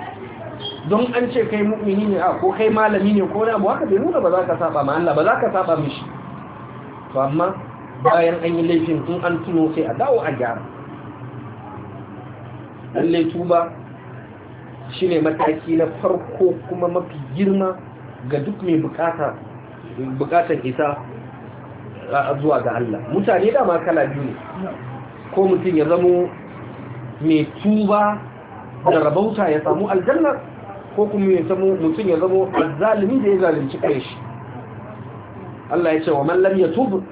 don an ce kai mu'mini ne a ko kai malami ne ko na haka bai nuna ba za ka saba ma Allah ba za ka saba mishi to amma bayan an yi laifin in an tuno sai a dawo a gyara lallai tuba shine mataki na farko kuma mafi girma ga duk mai bukata bukatar isa zuwa ga Allah mutane dama kala biyu ne ko mutum ya zamo mai tuba da rabauta ya samu aljanna ko kuma ya samu mutum ya zamo azzalimi da ya zalunci kai shi Allah ya ce wa man lam yatub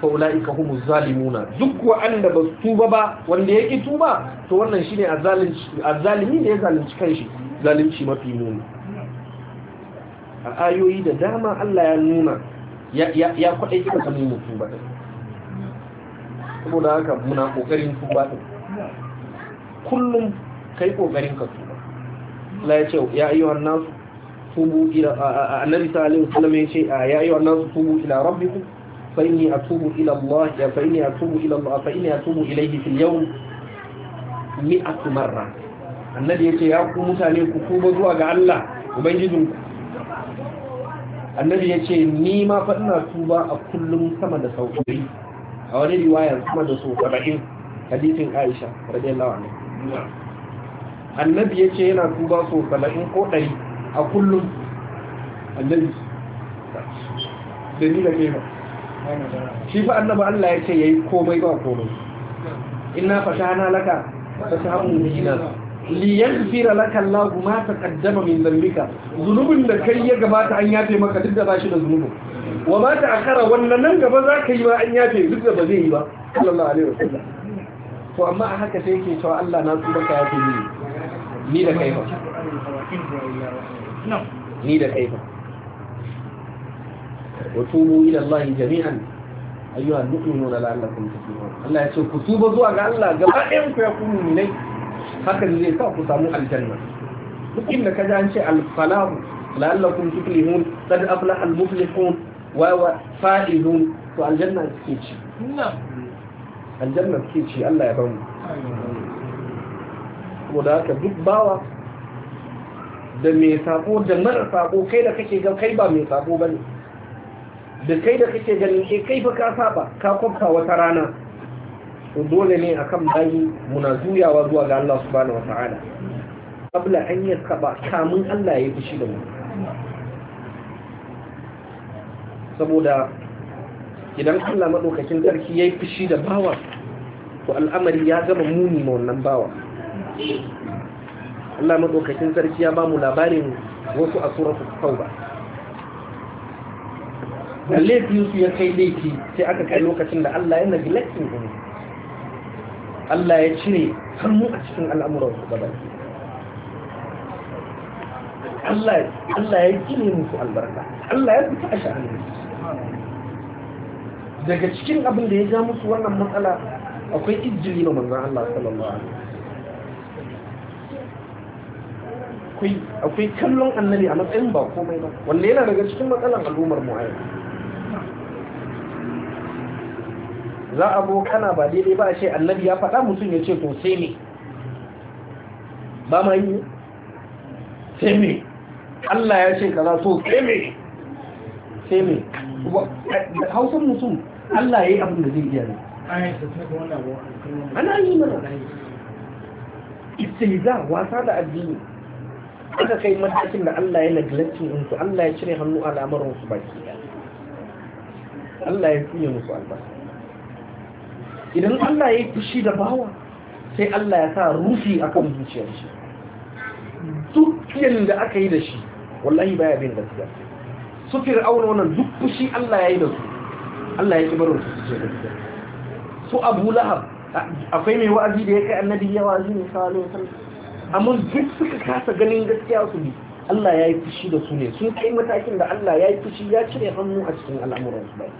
fa ulaika humuz zalimuna duk wanda ba tuba ba wanda yake tuba to wannan shine azzalimi azzalimi da ya zalunci kai shi zalunci mafi muni a ayoyi da dama Allah ya nuna ya ya kwadai kika samu mutum ba saboda haka muna kokarin tuba kullum kai kokarin ka tuba ya ce ya ayyuhan nas tubu ila annabi sallallahu alaihi wasallam ya ce ya nas tubu ila rabbikum fa inni atubu ila Allah ya fa inni atubu ila Allah fa inni atubu ilayhi fil yawm mi'at marra annabi ya ce ya ku mutane ku tuba zuwa ga Allah ku. annabi ya ce ni ma fa ina tuba a kullum sama da sau a wani riwaya sama da sau 70 hadisin Aisha radiyallahu anha annabi yace yana tuba so 30 ko ɗari a kullum annabi da ni da ke ba shi fa annabi Allah ya ce ya yi komai ba komai ina fatana laka ta samun gina liyan fira laka Allah ma ta min dhanbika zunubin da kai ya gabata an yafe maka duk da ba shi da dhunubu wa ma ta'akhara wannan nan gaba za ka yi ba an yafe duk da ba zai yi ba sallallahu alaihi wasallam to amma a haka sai yake cewa Allah na tsubaka ka yafe ni ni da kai ba ni da kai ba wa tubu ila Allah jami'an ayyuha al-mu'minuna la'allakum tuflihun Allah ya ce ku tuba zuwa ga Allah gaba ɗayan ku ya ku mu'minai hakan zai sa ku samu aljanna duk inda ka ji an ce al-falah la'allakum tuflihun qad aflaha al-muflihun wa wa fa'idun to aljanna ke ci aljanna ke ci Allah ya bamu saboda haka duk bawa da mai sako, da mara sako, kai da kake ga kai ba mai sako ba ne da kai da kake ganin ke eh, kai fa ka saba ka kwafta wata rana dole ne akan bayi muna juyawa zuwa ga Allah wata wata'ala qabla an kaba, kamun Allah ya fushi da mu saboda idan Allah madaukakin sarki yayi fushi da bawa to al'amari ya gama muni ma wannan bawa Allah madaukakin sarki ya bamu labarin wasu a suratul tauba da fi su ya kai laifi sai aka kai lokacin da Allah ya nabi laifin gani Allah ya cire hannu a cikin al'amuran su gaba Allah ya mu musu albarka Allah ya fita a sha'ani daga cikin abin da ya ja musu wannan matsala akwai ijjili na manzan Allah sallallahu alaihi akwai kallon annabi a matsayin ba komai ba wanda yana daga cikin matsalan al'ummar mu za a bo kana ba daidai ba a ce annabi ya faɗa mutum ya ce to sai ne ba ma yi sai me Allah ya ce kaza to sai me sai me Hausar mutum Allah ya yi abin da zai iya ne ana yi mana istihza wasa da addini aka kai matakin da Allah ya neglecting su, Allah ya cire hannu a lamarin su baki Allah ya fiye musu albasa idan Allah ya yi fushi da bawa sai Allah ya sa rufi a kan zuciyar shi dukkan da aka yi da shi wallahi baya bin gaskiya su fir'auna wannan duk fushi Allah ya yi da su Allah ya ki barin su ce gaskiya su Abu Lahab akwai mai wa'azi da ya kai annabi ya wa'azi ne sallallahu alaihi wasallam amma duk suka kasa ganin gaskiya su bi Allah ya yi fushi da su ne sun kai matakin da Allah ya yi fushi ya cire hannu a cikin al'amuran su ba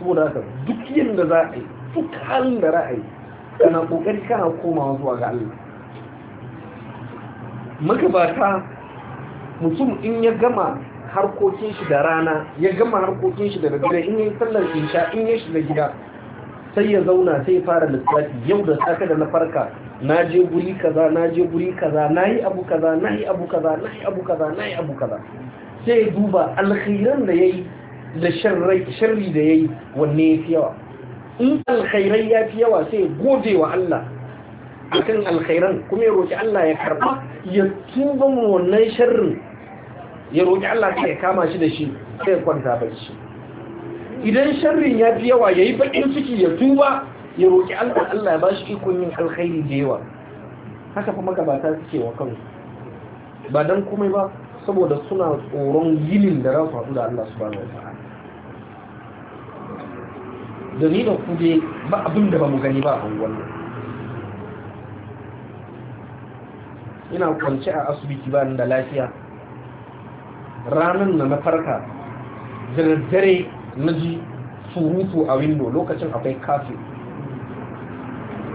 saboda haka duk yadda za a yi duk halin da yi, kana kokari kana komawa zuwa ga Allah magabata mutum in ya gama harkokin shi da rana ya gama harkokin shi da daddare in yi sallar insha in ya shiga gida sai ya zauna sai ya fara lissafi yau da tsaka da na farka na je guri kaza na je guri kaza na yi abu kaza na yi abu kaza na yi abu kaza na yi abu kaza sai ya duba alkhairan da ya yi da sharri da ya yi wanne ya fi yawa in alkhairan ya fi yawa sai gode wa Allah akan alkhairan kuma ya roƙi Allah ya karɓa ya tuba mu wannan sharrin ya roƙi Allah sai ya kama shi da shi sai ya kwanta bacci idan sharrin ya fi yawa ya yi baƙin ciki ya tuba ya roƙi Allah Allah ba shi ikon yin alkhairi da yawa haka kuma gabata suke wa kansu ba dan komai ba saboda suna tsoron yilin da za su da Allah subhanahu wataala da ni da ku ba abin da ba mu gani ba a wannan ina kwance a asibiti ba da lafiya ranar na na farka da na ji surutu a windo lokacin akwai kafin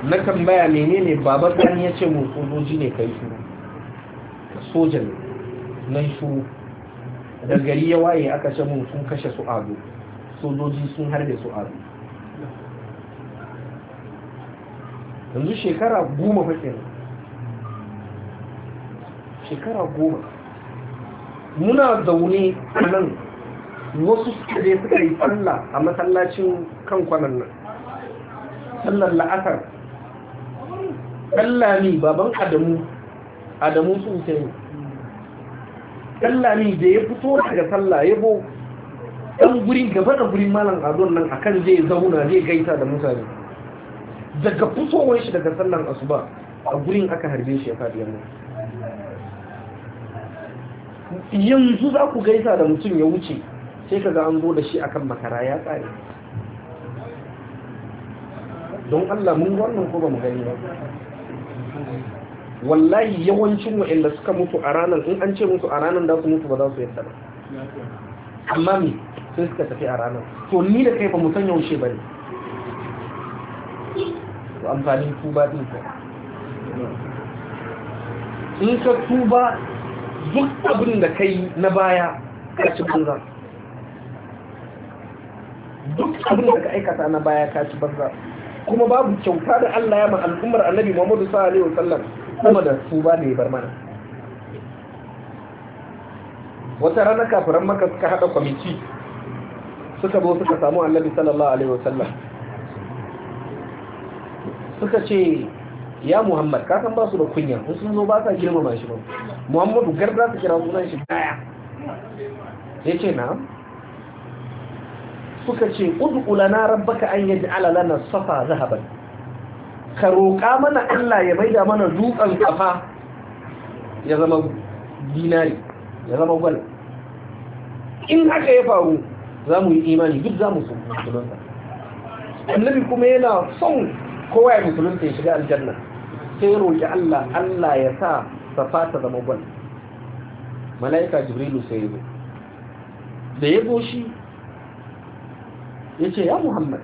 na tambaya menene babar gani ya ce mun sojoji ne kai shuru soja ne nan su da gari ya waye aka ce mun sun kashe su ado sojoji sun harbe su ado yanzu shekara goma fakin shekara goma muna zaune a nan wasu suka je suka yi tsalla a masallacin kan kwanan nan tsallar la'akar kallami baban adamu adamu tsuntsayi kallami da ya fito daga sallah ya bo ɗan guri gaba da gurin malam azon nan akan zai zauna zai gaita da mutane daga fitowar shi daga sallan asuba a gurin aka harbe shi ya faɗi yamma yanzu za ku gaisa da mutum ya wuce sai ka ga an zo da shi akan makara ya tsare don Allah mun wannan ko ba mu gani ba wallahi yawancin wa'anda suka mutu a ranar in an ce musu a ranar da su mutu ba za su yadda ba amma me sun suka tafi a ranar to ni da kai ba mu san yaushe ba ne to amfani tuba din ka in ka tuba duk abin da ka yi na baya ka ci banza duk abin da ka aikata na baya ka ci banza kuma babu kyauta da Allah ya ma al'ummar annabi Muhammadu sallallahu alaihi wasallam kuma da su ba ne bar mana wata rana kafiran maka suka hada kwamiti suka zo suka samu annabi sallallahu alaihi wasallam suka ce ya Muhammad ka san ba su da kunya in sun zo ba sa girmama shi ba Muhammadu garda su kira sunan shi baya yace na'am suka ce ud'u lana rabbaka an yaj'ala lana safa zahaban ka roƙa mana Allah ya maida mana dukan kafa ya zama dinari ya zama gwal in haka ya faru za mu yi imani duk za mu su musulunta annabi kuma yana son kowa ya musulunta ya shiga aljanna sai ya roƙi Allah Allah ya sa safa ta zama gwal mala'ika jibrilu sai ya zo da ya goshi. shi ya ya muhammad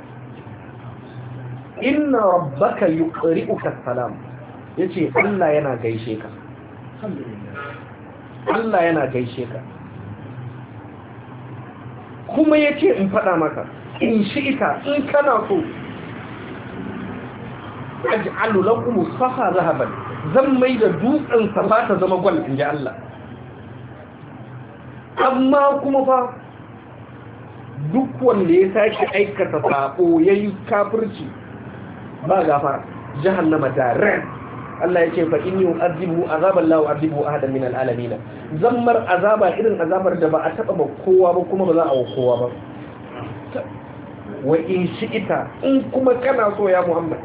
inna rabbaka yuqri'uka salam ya allah yana gaishe ka allah yana gaishe ka kuma yace in faɗa maka in shi in kana so aj'alu lakum safa zahaban zan mai da dutsen safa ta zama gwal in ji Allah amma kuma fa duk wanda ya sake aikata ya yayi kafirci ba gafara jahannama ta ran Allah yake fa inni u'adhibu azaban la u'adhibu min zammar azaba irin azabar da ba a taba ba kowa ba kuma ba za a kowa ba wa in shi'ita in kuma kana so ya Muhammad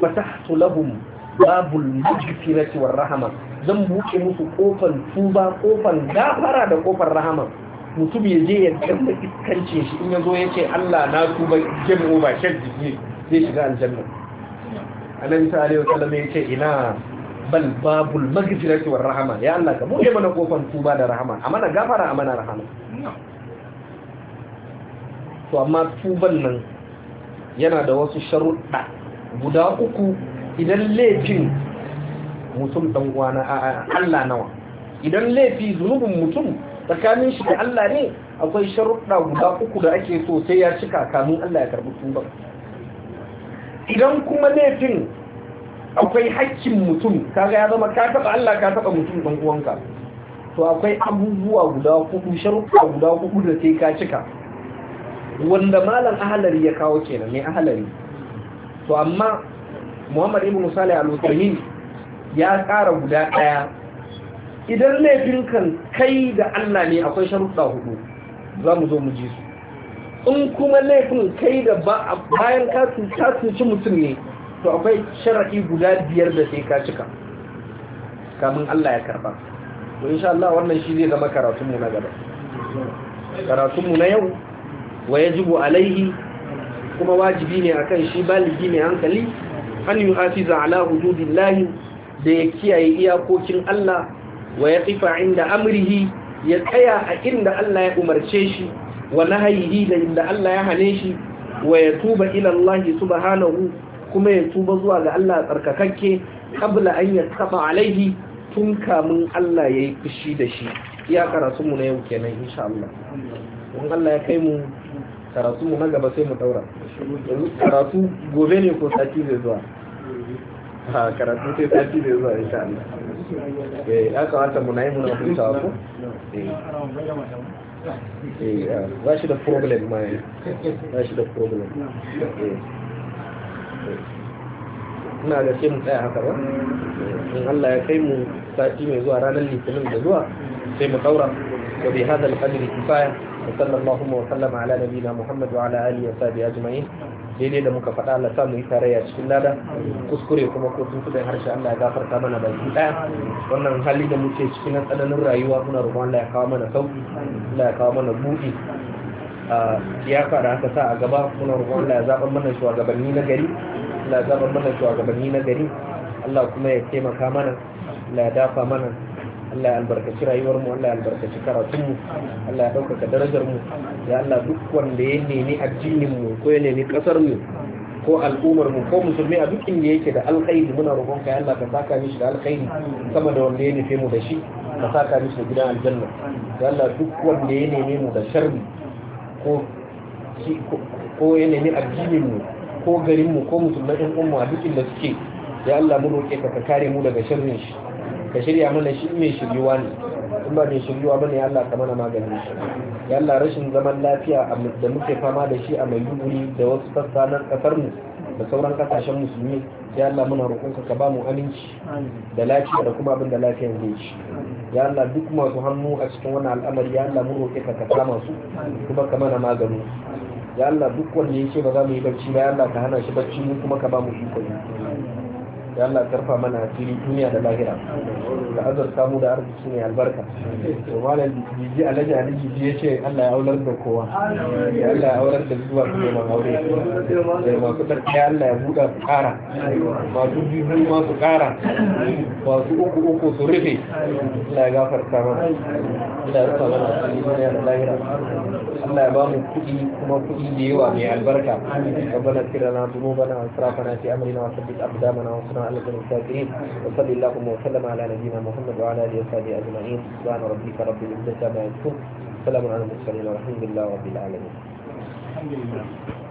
fatahtu lahum babul war rahama zan buke musu kofar tuba kofar gafara da kofar rahama mutum ya je ya karɓa iskancin shi in ya zo ya ce Allah na tuba jami'o ba shan jiki zai shiga aljanna annabi sallallahu alaihi wasallam ya ce ina bal babul magfirati rahama ya Allah ka buɗe mana kofan tuba da rahama a mana gafara a mana rahama to amma tuban nan yana da wasu sharuɗa guda uku idan laifin mutum dan uwana Allah nawa idan laifi zunubin mutum tsakanin shi da Allah ne akwai sharuɗa guda uku da ake so sai ya cika kamun Allah ya karɓi tuba idan kuma laifin akwai haƙƙin mutum kaga ya zama ka taɓa Allah ka taɓa mutum ɗan uwanka to akwai abubuwa guda uku, sharuɗa guda uku da sai ka cika wanda malam ahalari ya kawo kenan mai ahalari to amma Muhammad ibn Salih al-Uthaymeen ya ƙara guda ɗaya idan laifin kan kai da Allah ne akwai sharuɗa hudu za mu zo mu ji su in kuma laifin kai da bayan ka cuci mutum ne to akwai shara'i guda biyar da sai ka cika kamun Allah ya karɓa to insha Allah wannan shi zai zama karatunmu na gaba karatunmu na yau wa ya yajibu alaihi kuma wajibi ne akan shi baligi ne hankali an yuhafiza ala hududillahi da ya kiyaye iyakokin Allah wa ya tsifa inda amrihi ya tsaya a inda Allah ya umarce shi wa nahayihi da inda Allah ya hane shi wa ya tuba ila Allah subhanahu kuma ya tuba zuwa ga Allah tsarkakakke kabla an ya taba alaihi tun kamun Allah ya yi fushi da shi Ya karatu mu na yau kenan insha Allah in Allah ya kai mu karatu mu na gaba sai mu daura karatu gobe ne ko sati zai zuwa ha ah, karatu sai sati zai zuwa insha Allah eh ya kamata mu nayi muna huta ko eh, eh ba shi da problem mai ba shi da problem eh. Eh. ina ga sai mu tsaya haka ba in Allah ya kai mu sati mai zuwa ranar litinin da zuwa sai mu daura wa bi hadal qadri kifaya sallallahu wa sallama ala nabiyyina muhammad wa ala alihi wa sahbihi ajma'in daidai da muka faɗa Allah samu yi tarayya cikin lada kuskure kuma ko sun kudin harshe Allah ya gafarta mana baki ɗaya wannan hali da muke cikin tsananin rayuwa muna roƙon Allah ya kawo mana sauki Allah ya kawo mana buɗi ya fara aka sa a gaba muna roƙon Allah ya zaɓa mana shugabanni na gari Allah ya zaɓa mana shugabanni na gari Allah kuma ya taimaka mana Allah ya dafa mana Allah ya albarkaci rayuwar mu Allah ya albarkaci karatun mu Allah ya ɗaukaka darajar mu ya Allah duk wanda ya nemi addinin mu ko ya nemi kasar mu ko al'ummar mu ko musulmi a duk inda yake da alkhairi muna roƙon ka ya Allah ka saka mishi da alkhairi sama da wanda ya nufe mu da shi ka saka mishi da gidan aljanna ya Allah duk wanda ya nemi mu da sharri ko ko ya nemi addinin mu ko garin mu ko musulmai ɗan umma a duk inda suke ya Allah mu roƙe ka ka kare mu daga sharrin shi ka shirya mana shi mai shiryuwa ne in ba mai shiryuwa ba ne Allah ka mana magani shi ya Allah rashin zaman lafiya da muke fama da shi a Maiduguri da wasu sassa na kasar mu da sauran kasashen musulmi ya Allah muna roƙonka ka ba mu aminci da lafiya da kuma abin da lafiyan zai ci ya Allah duk masu hannu a cikin wannan al'amari ya Allah mu roƙe ka ka kama su kuma ka mana magani ya Allah duk wanda yake ba za mu yi barci ba ya Allah ka hana shi barci mu kuma ka ba mu ikon da Allah karfa mana asiri duniya da lahira da azar samu da arziki ne albarka to malam jiji alaji alaji ji yace Allah ya aular da kowa ya Allah ya aular da zuwa kuma aure da masu tarkiya Allah ya buɗa su ƙara masu biyu masu ƙara masu uku uku su rufe Allah ya gafarta mana Allah ya rufa mana asiri duniya da lahira Allah ya ba mu kuɗi kuma kuɗi da yawa mai albarka ربنا اغفر لنا ذنوبنا واسرافنا في امرنا وثبت اقدامنا وانصرنا على المتابعين وصلى اللهم وسلم على نبينا محمد وعلى اله وصحبه اجمعين سبحان ربك رب العزه عما يصفون سلام على المرسلين والحمد لله رب العالمين الحمد لله